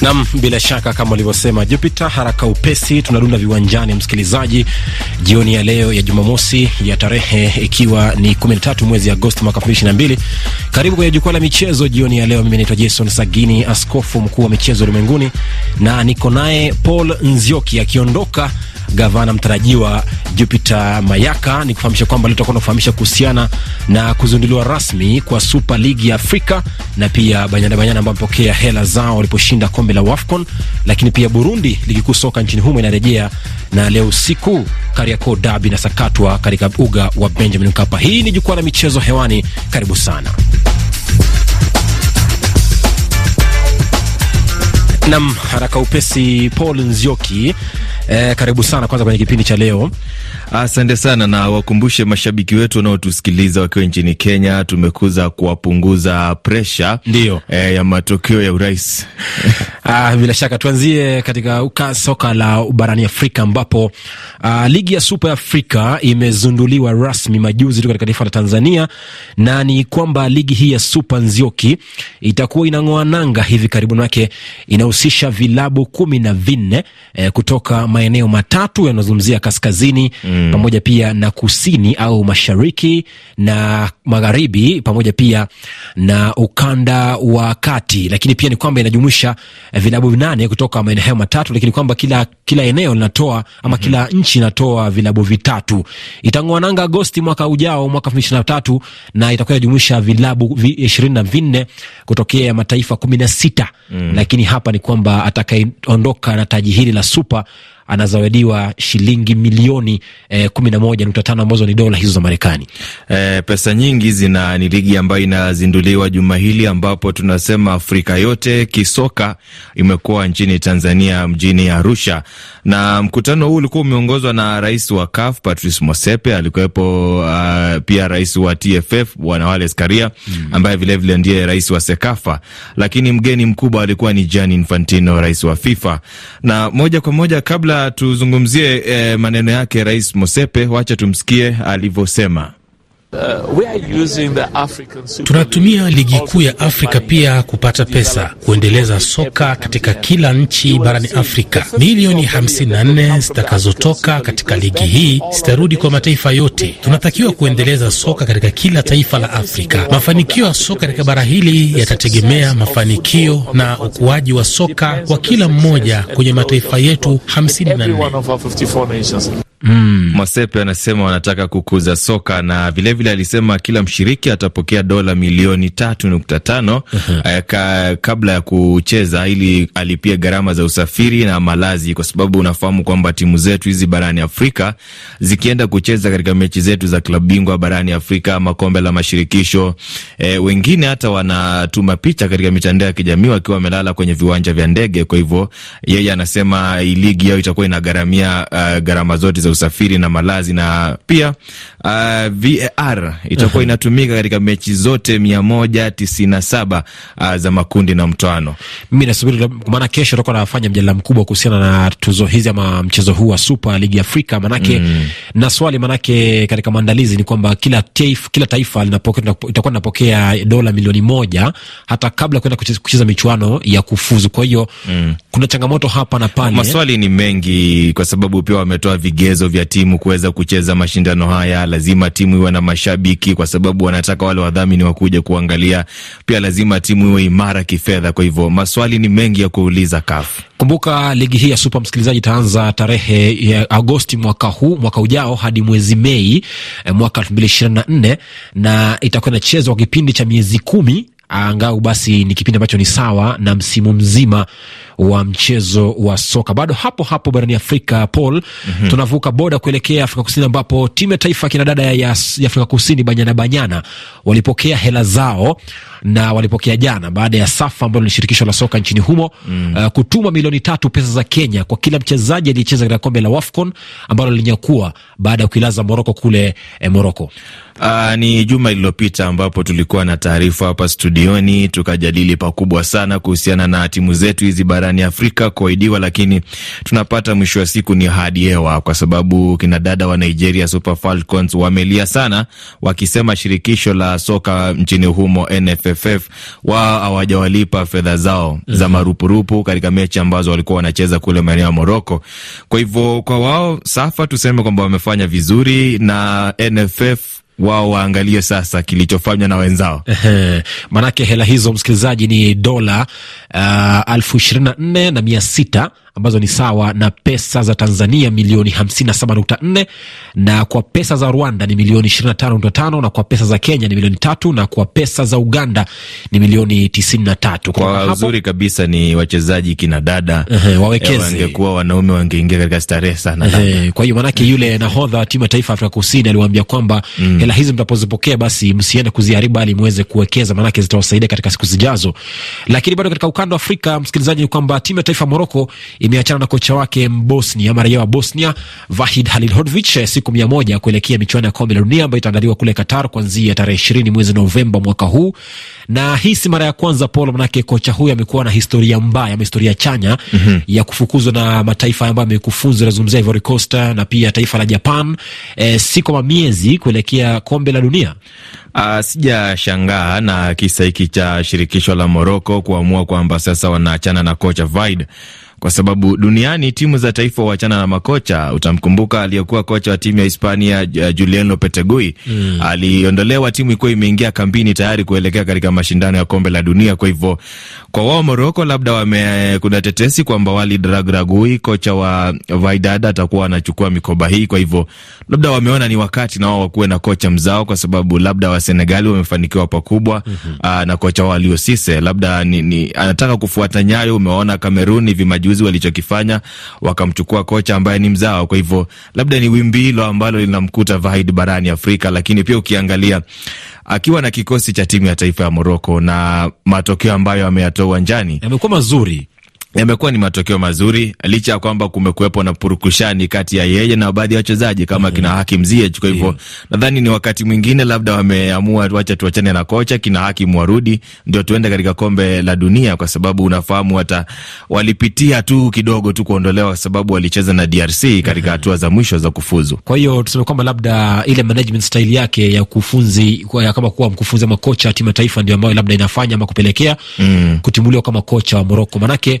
Nam, bila shaka kama ulivyosema Jupiter, haraka upesi tunadunda viwanjani, msikilizaji, jioni ya leo ya Jumamosi ya tarehe ikiwa ni 13 mwezi Agosti mwaka 2022. Karibu kwenye jukwaa la michezo jioni ya leo. Mimi naitwa Jason Sagini, askofu mkuu wa michezo ulimwenguni, na niko naye Paul Nzioki akiondoka gavana mtarajiwa Jupiter Mayaka, ni kufahamisha kwamba leo tutakuwa tunafahamisha kuhusiana na kuzinduliwa rasmi kwa Super League ya Afrika na pia Banyana Banyana ambao wamepokea hela zao waliposhinda kombe la WAFCON, lakini pia Burundi, ligi kuu soka nchini humo inarejea na leo usiku Kariakoo dabi inasakatwa katika uga wa Benjamin Mkapa. Hii ni jukwaa la michezo hewani, karibu sana. Nam haraka upesi, Paul Nzioki Eh, karibu sana kwanza kwenye kipindi cha leo. Asante sana na wakumbushe mashabiki wetu wanaotusikiliza wakiwa nchini Kenya, tumekuza kuwapunguza presha ndio, eh, ya matokeo ya urais ah, bila shaka tuanzie katika uka soka la barani Afrika ambapo ah, ligi ya Super Afrika imezunduliwa rasmi majuzi tu katika taifa la Tanzania, na ni kwamba ligi hii ya Super Nzioki itakuwa inang'oa nanga hivi karibuni, wake inahusisha vilabu kumi na vinne eh, kutoka maeneo matatu yanayozungumzia kaskazini mm. pamoja pia na kusini au mashariki na magharibi pamoja pia na ukanda wa kati, lakini pia ni kwamba inajumuisha eh, vilabu vinane kutoka maeneo hayo matatu, lakini kwamba kila, kila eneo linatoa ama mm. -hmm. kila nchi inatoa vilabu vitatu. Itang'oa nanga Agosti mwaka ujao, mwaka elfu mbili ishirini na tatu na itakuwa inajumuisha vilabu ishirini na vinne kutokea mataifa kumi na sita mm. lakini hapa ni kwamba atakayeondoka na taji hili la Super anazawadiwa shilingi milioni eh, kumi na moja nukta tano ambazo ni dola hizo za Marekani. Eh, pesa nyingi zina ni ligi ambayo inazinduliwa juma hili ambapo tunasema Afrika yote kisoka imekuwa nchini Tanzania mjini Arusha, na mkutano huu ulikuwa umeongozwa na rais wa CAF Patrice Motsepe, alikuwepo uh, pia rais wa TFF bwana Wallace Karia mm, ambaye vilevile ndiye rais wa Sekafa, lakini mgeni mkubwa alikuwa ni Gianni Infantino, rais wa FIFA. Na moja kwa moja kabla tuzungumzie eh, maneno yake Rais Mosepe, wacha tumsikie alivyosema. Uh, tunatumia ligi kuu ya Afrika pia kupata pesa kuendeleza soka katika kila nchi barani Afrika. Milioni 54 zitakazotoka katika ligi hii zitarudi kwa mataifa yote. Tunatakiwa kuendeleza soka katika kila taifa la Afrika. Mafanikio ya soka katika bara hili yatategemea mafanikio na ukuaji wa soka wa kila mmoja kwenye mataifa yetu 54. Mm. Masepe anasema wanataka kukuza soka na vilevile vile alisema kila mshiriki atapokea dola milioni tatu nukta tano eh, ka, kabla ya kucheza ili alipia gharama za usafiri na malazi, kwa sababu unafahamu kwamba timu zetu hizi barani Afrika zikienda kucheza katika mechi zetu za klabu bingwa barani Afrika ama kombe la mashirikisho e, wengine hata wanatuma picha katika mitandao ya kijamii wakiwa wamelala kwenye viwanja vya ndege. Kwa hivyo yeye anasema ligi yao itakuwa inagharamia uh, gharama zote za usafiri na malazi na pia Uh, VAR itakuwa inatumika katika mechi zote mia moja tisini na saba uh, za makundi na mtoano. Mimi nasubiri kwa maana kesho tutakuwa anafanya mjadala mkubwa kuhusiana na tuzo hizi ama mchezo huu wa Super League Afrika manake mm. na swali manake katika maandalizi ni kwamba kila taifa, kila taifa linapokea itakuwa linapokea dola milioni moja hata kabla kwenda kucheza michuano ya kufuzu. Kwa hiyo mm. kuna changamoto hapa na pale, maswali ni mengi kwa sababu pia wametoa vigezo vya timu kuweza kucheza mashindano haya lazima timu iwe na mashabiki, kwa sababu wanataka wale wadhamini wakuja kuangalia. Pia lazima timu iwe imara kifedha. Kwa hivyo maswali ni mengi ya kuuliza CAF. Kumbuka ligi hii ya Supa, msikilizaji, itaanza tarehe ya Agosti mwaka huu, mwaka ujao hadi mwezi Mei eh, mwaka elfu mbili ishirini na nne na itakuwa inachezwa kwa kipindi cha miezi kumi angau basi ni kipindi ambacho ni sawa na msimu mzima wa mchezo wa soka. Bado hapo hapo barani Afrika, Paul, mm -hmm. tunavuka boda kuelekea Afrika Kusini ambapo timu ya taifa kina dada ya, ya Afrika Kusini Banyana Banyana walipokea hela zao na walipokea jana baada ya SAFA ambalo ni shirikisho la soka nchini humo mm. uh, kutuma milioni tatu pesa za Kenya kwa kila mchezaji aliyecheza katika kombe la WAFCON ambalo linyakua baada ya kuilaza Moroko kule eh, Moroko. Uh, ni juma lililopita ambapo tulikuwa na taarifa hapa studioni tukajadili pakubwa sana kuhusiana na timu zetu hizi barani barani Afrika kuahidiwa, lakini tunapata mwisho wa siku ni hadi hewa, kwa sababu kina dada wa Nigeria Super Falcons wamelia sana, wakisema shirikisho la soka nchini humo nfff wao hawajawalipa fedha zao mm -hmm. za mhm. marupurupu katika mechi ambazo walikuwa wanacheza kule maeneo ya Moroko. Kwa hivyo kwa wao SAFA tuseme kwamba wamefanya vizuri na NFF wao waangalie sasa kilichofanywa na wenzao. maanake hela hizo msikilizaji ni dola elfu uh, ishirini na nne na mia sita ambazo ni sawa na pesa za Tanzania milioni 57.4 na kwa pesa za Rwanda ni milioni 25.5 na kwa pesa za Kenya ni milioni tatu na kwa pesa za Uganda ni milioni 93. Kwa uzuri kabisa ni wachezaji kina dada wawekezi, eh, wangekuwa wanaume wangeingia katika starehe sana. Kwa hiyo maanake yule nahodha wa timu ya taifa Afrika Kusini aliwaambia kwamba mm, hela hizi mtapozipokea basi msiende kuziharibu, bali muweze kuwekeza, maanake zitawasaidia katika siku zijazo. Lakini bado katika ukanda wa Afrika, msikilizaji, ni kwamba timu ya taifa Moroko imeachana na kocha wake Mbosnia ama raia wa Bosnia Vahid Halilhodvich eh, siku mia moja kuelekea michuano ya kombe la dunia ambayo itaandaliwa kule Qatar kuanzia tarehe ishirini mwezi Novemba mwaka huu. Na hii si mara ya kwanza Paulo, manake kocha huyu amekuwa na historia mbaya ama historia chanya mm -hmm. ya kufukuzwa na mataifa ambayo amekufunzwa, nazungumzia Ivory Coast eh, na pia taifa la Japan e, si kwa mamiezi kuelekea kombe la dunia. Uh, sijashangaa na kisa hiki cha shirikisho la Moroko kuamua kwamba sasa wanaachana na kocha Vaid kwa sababu duniani timu za taifa huachana na makocha. Utamkumbuka aliyekuwa kocha wa timu ya Hispania Julien Lopetegui mm. aliondolewa, timu ikuwa imeingia kambini tayari kuelekea katika mashindano ya kombe la dunia. Kwa hivyo kwa wao Moroko labda wame, kuna tetesi kwamba Walid Regragui kocha wa Wydad atakuwa anachukua mikoba hii. Kwa hivyo labda wameona ni wakati na wao wakuwe na kocha mzao, kwa sababu labda Wasenegali wamefanikiwa pakubwa mm -hmm. na kocha wao Aliou Cisse labda ni, ni, anataka kufuata nyayo. Umewaona Kameruni vimaji juzi walichokifanya, wakamchukua kocha ambaye ni mzao. Kwa hivyo labda ni wimbi hilo ambalo linamkuta Vahid barani Afrika, lakini pia ukiangalia akiwa na kikosi cha timu ya taifa ya Moroko na matokeo ambayo ameyatoa uwanjani yamekuwa mazuri yamekuwa ni matokeo mazuri licha ya kwamba kumekuwepo na purukushani kati ya yeye na baadhi ya wachezaji kama mm kina Hakim Ziyech. Kwa hivyo yeah. nadhani ni wakati mwingine labda wameamua wacha tuachane na kocha, kina Hakim warudi ndio tuende katika kombe la dunia, kwa sababu unafahamu hata walipitia tu kidogo tu kuondolewa, kwa sababu walicheza na DRC katika mm hatua za mwisho za kufuzu. Kwa hiyo tuseme kwamba labda ile management style yake ya kufunzi ya kama kuwa mkufunzi ama kocha timu ya taifa ndio ambayo labda inafanya ama kupelekea mm -hmm. kutimuliwa kama kocha wa Moroko manake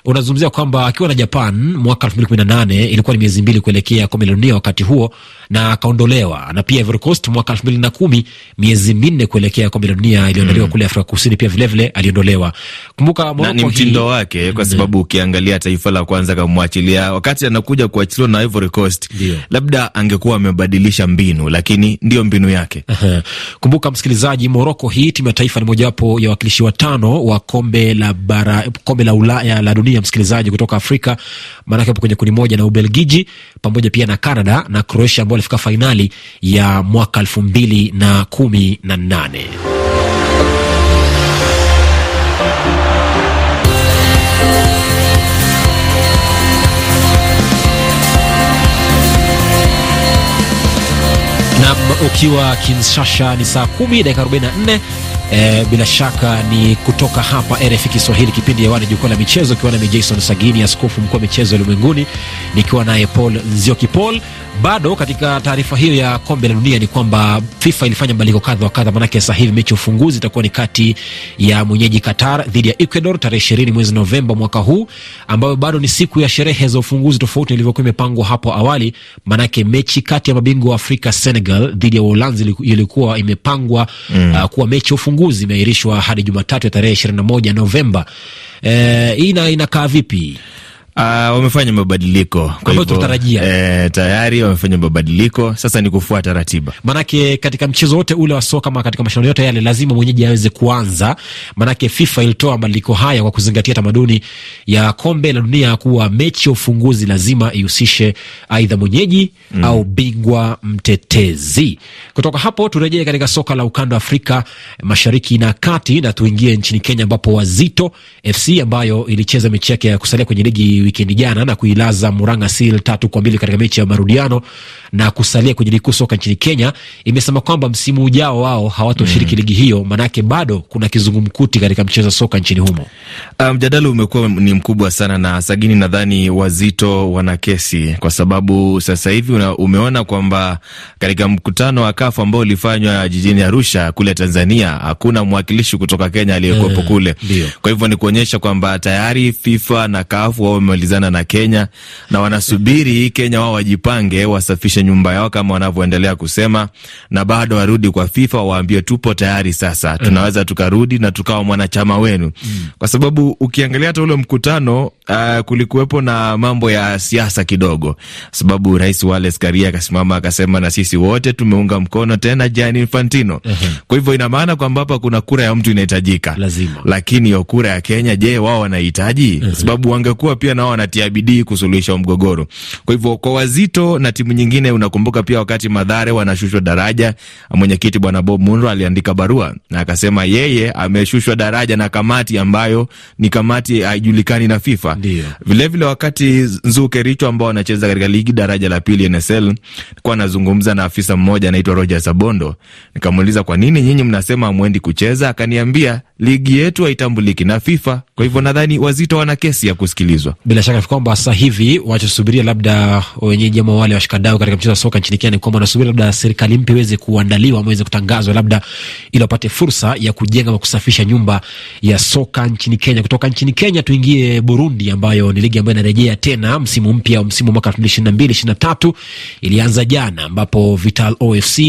unazungumzia kwamba akiwa na Japan mwaka elfu mbili kumi na nane ilikuwa ni miezi mbili kuelekea kombe la dunia wakati huo, na akaondolewa na pia Ivory Coast mwaka elfu mbili na kumi miezi minne kuelekea kombe la dunia iliyoandaliwa mm, kule Afrika Kusini pia vilevile aliondolewa. Kumbuka ni mtindo wake, eh, kwa mm. sababu ukiangalia taifa la kwanza kamwachilia, wakati anakuja kuachiliwa na Ivory Coast Dio, labda angekuwa amebadilisha mbinu, lakini ndiyo mbinu yake. Aha. Kumbuka msikilizaji, Moroko hii timu ya taifa ni mojawapo ya wakilishi watano wa kombe la bara, kombe la Ulaya la dunia kurudia msikilizaji, kutoka Afrika, maanake hapo kwenye kundi moja na Ubelgiji pamoja pia na Canada na Croatia ambao walifika fainali ya mwaka elfu mbili na kumi na nane. Nam, ukiwa Kinshasa ni saa kumi dakika 44 E, bila shaka ni kutoka hapa RFI Kiswahili, kipindi hewani, jukwaa la michezo, ikiwa nami Jason Sagini, askofu mkuu wa michezo ulimwenguni, nikiwa naye Paul Nzioki. Paul, bado katika taarifa hiyo ya kombe la dunia ni kwamba FIFA ilifanya mabadiliko kadha wa kadha, maanake sasa hivi mechi ya ufunguzi itakuwa ni kati ya mwenyeji Qatar dhidi ya Ecuador tarehe ishirini mwezi Novemba mwaka huu, ambayo bado ni siku ya sherehe za ufunguzi, tofauti ilivyokuwa imepangwa hapo awali. Maanake mechi kati ya mabingwa wa Afrika Senegal dhidi ya Uholanzi ilikuwa imepangwa mm, uh, kuwa mechi ya ufunguzi, imeahirishwa hadi Jumatatu ya tarehe ishirini na moja Novemba. Eh, hii inakaa vipi? Uh, wamefanya mabadiliko kwa hivyo tutarajia, eh, tayari wamefanya mabadiliko, sasa ni kufuata ratiba. Manake katika mchezo wote ule wa soka ama katika mashindano yote yale lazima mwenyeji aweze kuanza, manake FIFA ilitoa mabadiliko haya kwa kuzingatia tamaduni ya kombe la dunia kuwa mechi ya ufunguzi lazima ihusishe aidha mwenyeji mm, au bingwa mtetezi. Kutoka hapo turejee katika soka la ukanda wa Afrika Mashariki na Kati na tuingie nchini Kenya ambapo Wazito FC ambayo ilicheza mechi yake ya kusalia kwenye ligi wikendi jana na kuilaza Murang'a Seal tatu kwa mbili katika mechi ya marudiano na kusalia kwenye ligi kuu soka nchini Kenya, imesema kwamba msimu ujao wao hawatoshiriki mm. ligi hiyo, maanake bado kuna kizungumkuti katika mchezo wa soka nchini humo. Ah, mjadala um, umekuwa ni mkubwa sana, na sagini, nadhani wazito wana kesi kwa sababu sasa hivi umeona kwamba katika mkutano wa kafu ambao ulifanywa jijini Arusha kule Tanzania hakuna mwakilishi kutoka Kenya aliyekuwepo eh, kule, kwa hivyo ni kuonyesha kwamba tayari FIFA na kafu wao wamemalizana na Kenya na wanasubiri Kenya wao wajipange, wasafishe nyumba yao kama wanavyoendelea kusema, na bado warudi kwa FIFA waambie tupo tayari sasa, eh. tunaweza tukarudi na tukawa mwanachama wenu, mm. kwa sababu ukiangalia hata ule mkutano uh, kulikuwepo na mambo ya siasa kidogo, sababu Rais Wallace Karia akasimama akasema, na sisi wote tumeunga mkono tena Gianni Infantino. Kwa hivyo ina maana kwamba hapa kuna kura ya mtu inahitajika, Lakini hiyo kura ya Kenya, je, wao wanahitaji? Sababu wangekuwa pia na nao wanatia bidii kusuluhisha mgogoro. Kwa hivyo kwa Wazito na timu nyingine, unakumbuka pia wakati Madhare wanashushwa daraja, mwenyekiti bwana Bob Munro aliandika barua na akasema yeye ameshushwa daraja na kamati ambayo ni kamati haijulikani na FIFA. Vilevile vile wakati Nzuke Richo ambao wanacheza katika ligi daraja la pili NSL, nilikuwa nazungumza na afisa mmoja anaitwa Roger Sabondo, nikamuuliza kwa nini nyinyi mnasema hamwendi kucheza? Akaniambia ligi yetu haitambuliki na FIFA, kwa hivyo nadhani Wazito wana kesi ya kusikilizwa bila shaka ni kwamba sasa hivi wachosubiria labda wenyeji ama wale washikadau katika mchezo wa soka nchini Kenya ni kwamba wanasubiri labda serikali mpya iweze kuandaliwa ama iweze kutangazwa, labda ili wapate fursa ya kujenga na kusafisha nyumba ya soka nchini Kenya. Kutoka nchini Kenya tuingie Burundi, ambayo ni ligi ambayo inarejea tena msimu mpya wa msimu mwaka 2022/2023 ilianza jana, ambapo Vital OFC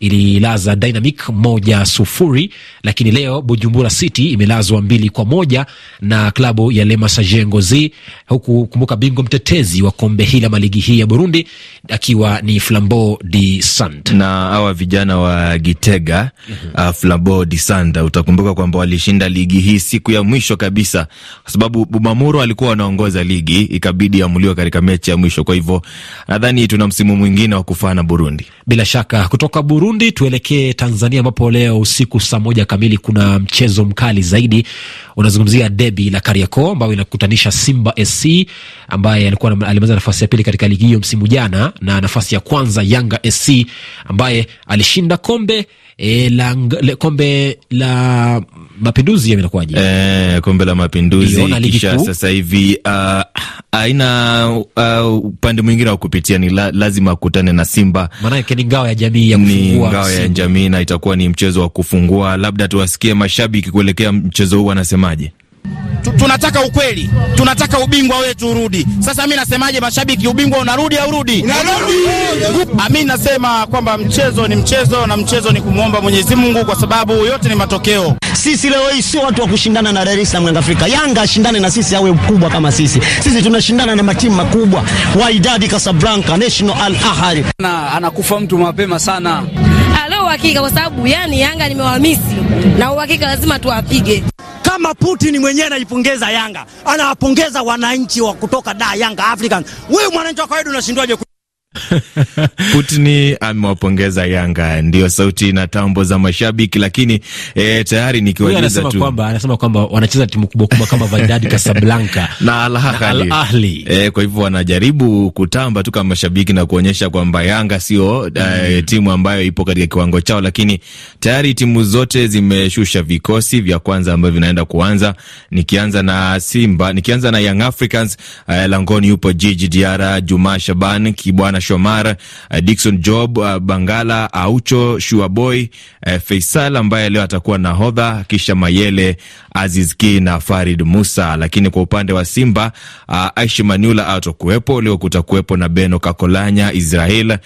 ililaza Dynamic moja sufuri, lakini leo Bujumbura City imelazwa mbili kwa moja na klabu ya Lema Sajengozi huku kumbuka bingwa mtetezi wa kombe hili ama ligi hii ya Burundi akiwa ni Flambeau de Sand na hawa vijana wa Gitega. mm -hmm. Uh, Flambeau de Sand utakumbuka kwamba walishinda ligi hii siku ya mwisho kabisa, kwa sababu Bumamuro alikuwa anaongoza ligi, ikabidi amuliwa katika mechi ya mwisho. Kwa hivyo nadhani tuna msimu mwingine wa kufana Burundi. Bila shaka kutoka Burundi tuelekee Tanzania ambapo leo usiku saa moja kamili kuna mchezo mkali zaidi unazungumzia debi la Kariakoo ambayo inakutanisha Simba SC ambaye alikuwa alimaliza nafasi ya pili katika ligi hiyo msimu jana, na nafasi ya kwanza Yanga SC ambaye alishinda kombe E, la, le, kombe la mapinduzi yamekuwaje? E, kombe la mapinduzi kisha sasa hivi uh, ah, aina uh, ah, upande mwingine wa kupitia ni la, lazima akutane na Simba, maanake ni ngao ya jamii ya kufungua, ni ngao ya jamii na itakuwa ni mchezo wa kufungua. Labda tuwasikie mashabiki kuelekea mchezo huu wanasemaje? Tunataka ukweli, tunataka ubingwa wetu urudi. Sasa mi nasemaje, mashabiki, ubingwa unarudi au rudi? Mi nasema kwamba mchezo ni mchezo na mchezo ni kumwomba Mwenyezi Mungu, kwa sababu yote ni matokeo sisi leo hii sio watu wa kushindana na Dar es Salaam na Afrika. Yanga ashindane na sisi, awe mkubwa kama sisi. Sisi tunashindana na matimu makubwa, Wydad Casablanca, National Al Ahly. Na anakufa mtu mapema sana Alo uhakika kwa sababu yani Yanga nimewamisi na uhakika lazima tuwapige. Kama Putin mwenyewe anaipongeza Yanga, anawapongeza wananchi wa kutoka da Yanga African, wewe mwananchi wa kawaida unashindwaje? Putini amewapongeza Yanga, ndio sauti na tambo za mashabiki, lakini e, tayari nikiwajuza tu kwamba anasema kwamba wanacheza timu kubwa kubwa kama Wydad Casablanca na Al Ahly, Ahly. E, kwa hivyo wanajaribu kutamba tu kama mashabiki na kuonyesha kwamba Yanga sio eh, mm, e, timu ambayo ipo katika kiwango chao, lakini tayari timu zote zimeshusha vikosi vya kwanza ambavyo vinaenda kuanza, nikianza na Simba, nikianza na Young Africans e, langoni yupo Jiji Diara, Juma Shaban Kibwana Shomar, Shomar, eh, dikson Job, eh, Bangala Aucho, Shuaboy, eh, Faisal ambaye leo atakuwa nahodha, kisha Mayele, Aziz Ki na Farid Musa. Lakini kwa upande wa Simba, Aishi Manula atokuwepo leo, kutakuwepo na Beno Kakolanya, Israel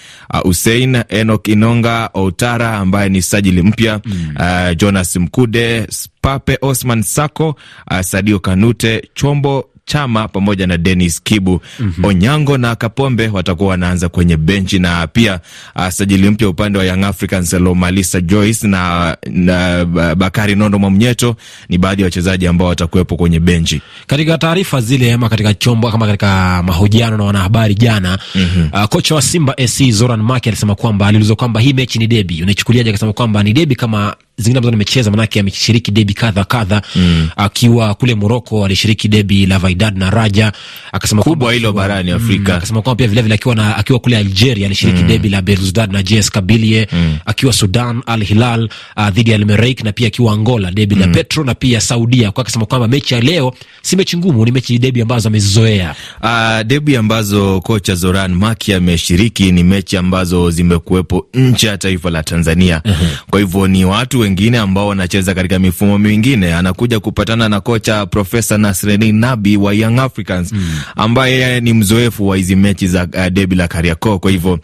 Hussein, Enok Inonga, Outara ambaye ni sajili mpya mm. Jonas Mkude, Pape Osman Sako, Sadio Kanute Chombo Chama pamoja na Dennis Kibu mm -hmm. Onyango na Kapombe watakuwa wanaanza kwenye benchi na pia uh, sajili mpya upande wa Young Africans Lomalisa Joyce na, na uh, Bakari Nondo Mwamnyeto ni baadhi ya wachezaji ambao watakuwepo kwenye benchi. Katika taarifa zile ama katika chombo kama katika mahojiano na wanahabari jana mm -hmm. uh, kocha wa Simba SC Zoran mak alisema kwamba aliulizwa kwamba hii mechi ni debi, unaichukuliaje? Akasema kwamba ni debi kama zingine ambazo nimecheza, manake ameshiriki debi kadha kadha mm. akiwa kule Moroko alishiriki debi la Vaidad na Raja, akasema kubwa hilo barani mm, Afrika mm, akasema kwamba pia vile vile akiwa na akiwa kule Algeria alishiriki mm. debi la Belouizdad na JS Kabylie mm. akiwa Sudan Al Hilal uh, dhidi ya Al na pia akiwa Angola debi mm. la Petro na pia Saudia, kwa akasema kwamba mechi ya leo si mechi ngumu, ni mechi debi ambazo amezizoea. Uh, ah, debi ambazo kocha Zoran Maki ameshiriki ni mechi ambazo zimekuwepo nje ya taifa la Tanzania. uh -huh. kwa hivyo ni watu wengine ambao wanacheza katika mifumo mingine. Anakuja kupatana na kocha Profesa Nasreni Nabi wa Young Africans mm, ambaye ni mzoefu wa hizi mechi za uh, debi la Kariakoo. Kwa hivyo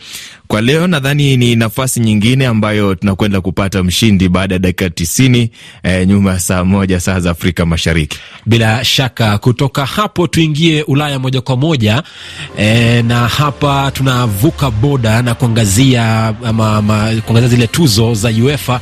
kwa leo nadhani ni nafasi nyingine ambayo tunakwenda kupata mshindi baada ya dakika tisini eh, nyuma saa moja saa za Afrika Mashariki. Bila shaka kutoka hapo tuingie Ulaya moja kwa moja eh, na hapa tunavuka boda na kuangazia ama, ama, kuangazia zile tuzo za UEFA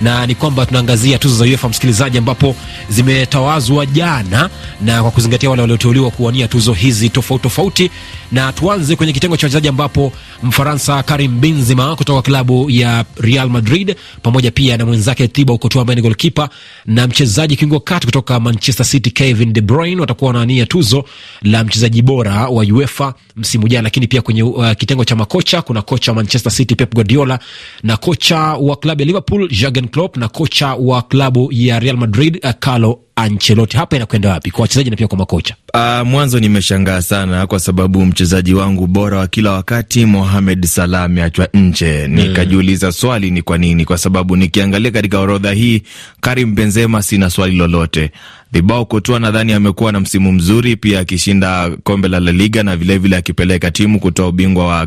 na ni kwamba tunaangazia tuzo za UEFA msikilizaji, ambapo zimetawazwa jana, na kwa kuzingatia wale walioteuliwa kuwania tuzo hizi tofauti tofauti, na tuanze kwenye kitengo cha wachezaji ambapo Mfaransa Karim Benzema kutoka klabu ya Real Madrid pamoja pia na mwenzake Thibaut Courtois ambaye ni goalkeeper na mchezaji kiungo kati kutoka Manchester City Kevin De Bruyne watakuwa wanawania tuzo la mchezaji bora wa UEFA msimu jana. Lakini pia kwenye uh, kitengo cha makocha kuna kocha wa Manchester City Pep Guardiola na kocha wa klabu ya Liverpool Jurgen Jurgen Klopp na kocha wa klabu ya Real Madrid eh, Carlo Ancelotti. Hapa inakwenda wapi kwa wachezaji na pia kwa makocha? Uh, mwanzo nimeshangaa sana kwa sababu mchezaji wangu bora wa kila wakati Mohamed Salah ameachwa nje. Hmm. Nikajiuliza swali ni kwa nini, kwa sababu nikiangalia katika orodha hii Karim Benzema, sina swali lolote Bilbao Kotua nadhani amekuwa na msimu mzuri pia, akishinda kombe la La Liga na vilevile akipeleka timu kutoa ubingwa wa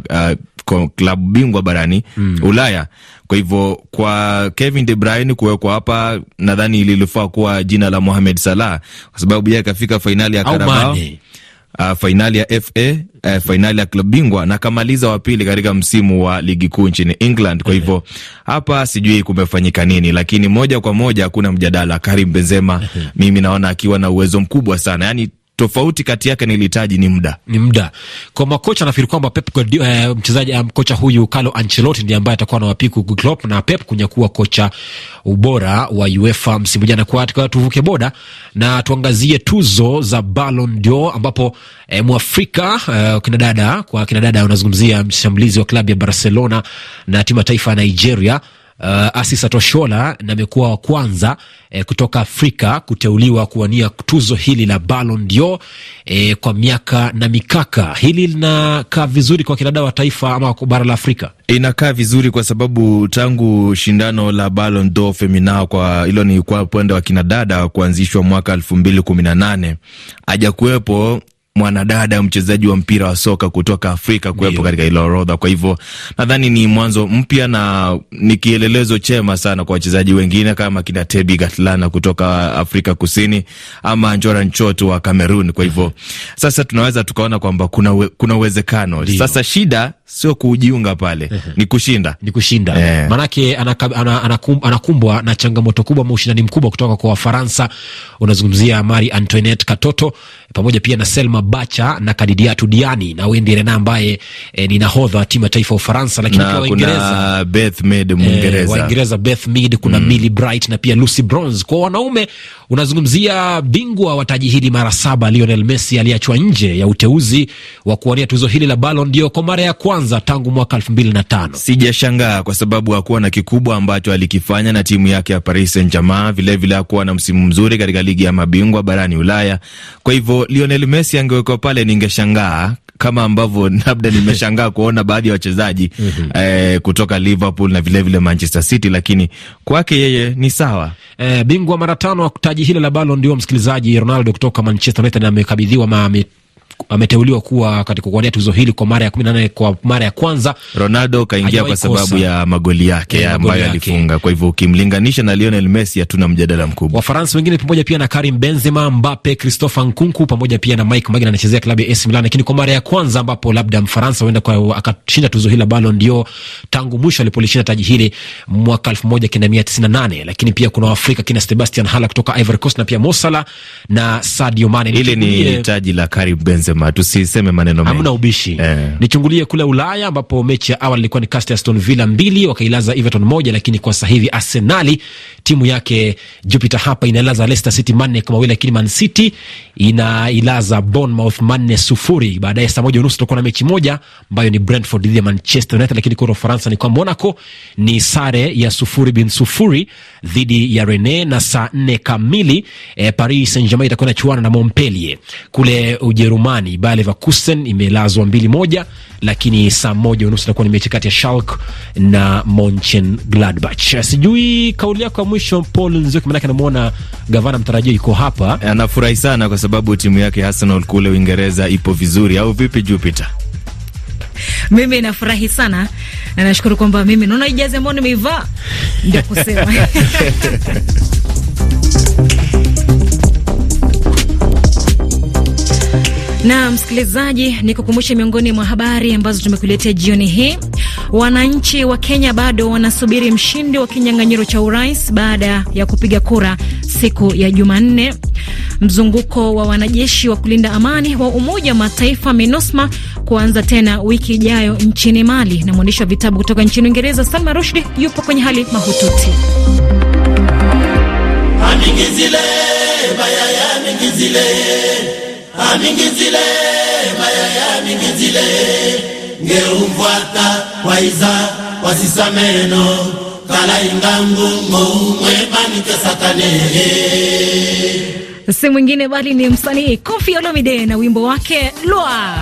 uh, klabu bingwa barani mm. Ulaya. Kwa hivyo kwa Kevin De Bruyne kuwekwa hapa, nadhani lilifaa kuwa jina la Mohamed Salah kwa sababu yeye akafika fainali ya Karabao uh, fainali ya FA uh, fainali ya klabu bingwa na kamaliza wa pili katika msimu wa ligi kuu nchini England. Kwa hivyo hapa sijui kumefanyika nini, lakini moja kwa moja hakuna mjadala. Karim Benzema mimi naona akiwa na uwezo mkubwa sana, yani tofauti kati yake nilihitaji ni muda, ni muda kwa makocha. Nafikiri kwamba Pep Guardiola, eh, mchezaji eh, kocha huyu Carlo Ancelotti ndiye ambaye atakuwa anawapiku Klopp na Pep kunyakua kocha ubora wa UEFA msimu jana. Kwa tuvuke boda na tuangazie tuzo za Ballon d'Or ambapo eh, Mwafrika eh, kina dada kwa kina dada, unazungumzia mshambulizi wa klabu ya Barcelona na timu ya taifa ya Nigeria uh, Asi Satoshola na amekuwa wa kwanza eh, kutoka Afrika kuteuliwa kuwania tuzo hili la Ballon d'Or eh, kwa miaka na mikaka. Hili linakaa vizuri kwa kinada wa taifa ama bara la Afrika inakaa vizuri kwa sababu tangu shindano la Ballon d'Or Femina kwa hilo ni kwa upande wa kinadada kuanzishwa mwaka elfu mbili kumi na nane hajakuwepo mwanadada mchezaji wa mpira wa soka kutoka Afrika kuwepo katika ile orodha. Kwa hivyo nadhani ni mwanzo mpya na ni kielelezo chema sana kwa wachezaji wengine kama kina Tebi Gatlana kutoka Afrika Kusini ama Njora Nchoto wa Kamerun. Kwa hivyo sasa tunaweza tukaona kwamba kuna we, kuna uwezekano sasa. Shida sio kujiunga pale, ni kushinda, ni kushinda yeah. Manake anakumbwa na changamoto kubwa ama ushindani mkubwa kutoka kwa Wafaransa. Unazungumzia Mari Antoinette Katoto pamoja pia na Selma Bacha na Kadidiatu Diani na Wendy Rena ambaye e, ni nahodha timu ya taifa ya Ufaransa, lakini pia Waingereza Beth Mead Mwingereza, eh, Waingereza Beth Mead, kuna mm. Millie Bright na pia Lucy Bronze. Kwa wanaume unazungumzia bingwa wa taji hili mara saba Lionel Messi aliachwa nje ya uteuzi wa kuwania tuzo hili la Ballon d'Or kwa mara ya kwanza tangu mwaka 2005. Sijashangaa kwa sababu hakuwa na kikubwa ambacho alikifanya na timu yake ya Paris Saint-Germain, vilevile hakuwa na msimu mzuri katika ligi ya mabingwa barani Ulaya. Kwa hivyo Lionel Messi angewekwa pale ningeshangaa kama ambavyo labda nimeshangaa kuona baadhi ya wachezaji mm -hmm. eh, kutoka Liverpool na vilevile vile Manchester City, lakini kwake yeye ni sawa. Eh, bingwa mara tano wa taji hilo la balo ndio msikilizaji, Ronaldo kutoka Manchester United amekabidhiwa ameteuliwa kuwa katika kuwania tuzo hili kwa mara ya kumi na nane kwa mara ya kwanza. Ronaldo kaingia kwa sababu ya magoli yake ya ambayo alifunga, kwa hivyo ukimlinganisha na Lionel Messi hatuna mjadala mkubwa. Wafaransa wengine pamoja pia na Karim Benzema, Mbappe, Christopher Nkunku pamoja pia na Mike Maignan anachezea klabu ya AC Milan, lakini kwa mara ya kwanza ambapo labda Mfaransa huenda akashinda tuzo hili la Ballon d'Or tangu mwisho alipolishinda taji hili mwaka elfu moja kenda mia tisini na nane. Lakini pia kuna Waafrika kina Sebastian Hala kutoka Ivory Coast na pia Mosala na Sadio Mane. Hili ni taji la Karim Benzema tunasema tusiseme maneno mengi, hamna ubishi eh. Nichungulie kule Ulaya ambapo mechi ya awali ilikuwa ni kati ya Aston Villa mbili wakailaza Everton moja, lakini kwa sasa hivi Arsenali timu yake Jupiter hapa inailaza Leicester City manne kwa mawili, lakini Man City inailaza Bournemouth manne sufuri. Baadaye saa moja unusu tutakuwa na mechi moja ambayo ni Brentford dhidi ya Manchester United, lakini kule Ufaransa ni kwa Monaco ni sare ya sufuri bin sufuri dhidi ya Rene, na saa nne kamili eh, Paris Saint Germain itakuwa inachuana na Montpellier kule Ujerumani. Ujerumani. Bayer Leverkusen imelazwa mbili moja, lakini saa moja unusu itakuwa ni mechi kati ya Schalke na Monchen Gladbach. Sijui kauli yako ya mwisho Paul Nzioki, manake anamwona gavana mtarajio yuko hapa, anafurahi sana kwa sababu timu yake Arsenal kule Uingereza ipo vizuri, au vipi Jupiter? Mimi nafurahi sana na nashukuru kwamba mimi naona ijazi ambayo nimeivaa ndio kusema Na msikilizaji, ni kukumbusha miongoni mwa habari ambazo tumekuletea jioni hii. Wananchi wa Kenya bado wanasubiri mshindi wa kinyang'anyiro cha urais baada ya kupiga kura siku ya Jumanne. Mzunguko wa wanajeshi wa kulinda amani wa Umoja wa Mataifa MINUSMA kuanza tena wiki ijayo nchini Mali. Na mwandishi wa vitabu kutoka nchini Uingereza Salma Rushdi yupo kwenye hali mahututi. baya ya amingizile ah, mayaya amingizile ngeumvwata waiza wasisameno kalainga ngungo satane si mwingine bali ni msanii Koffi Olomide na wimbo wake Lwa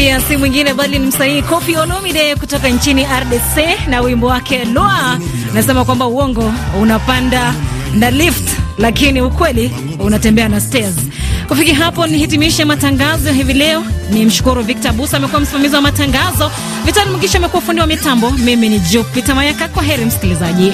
pia si mwingine bali ni msanii Koffi Olomide kutoka nchini RDC na wimbo wake Loa. Nasema kwamba uongo unapanda na lift, lakini ukweli unatembea na stairs. Kufikia hapo nihitimishe matangazo hivi leo. Ni mshukuru Victor Busa, amekuwa msimamizi wa matangazo. Vitali mkisha amekuwa fundi wa mitambo. Mimi ni Jupita Mayaka. Kwa heri msikilizaji.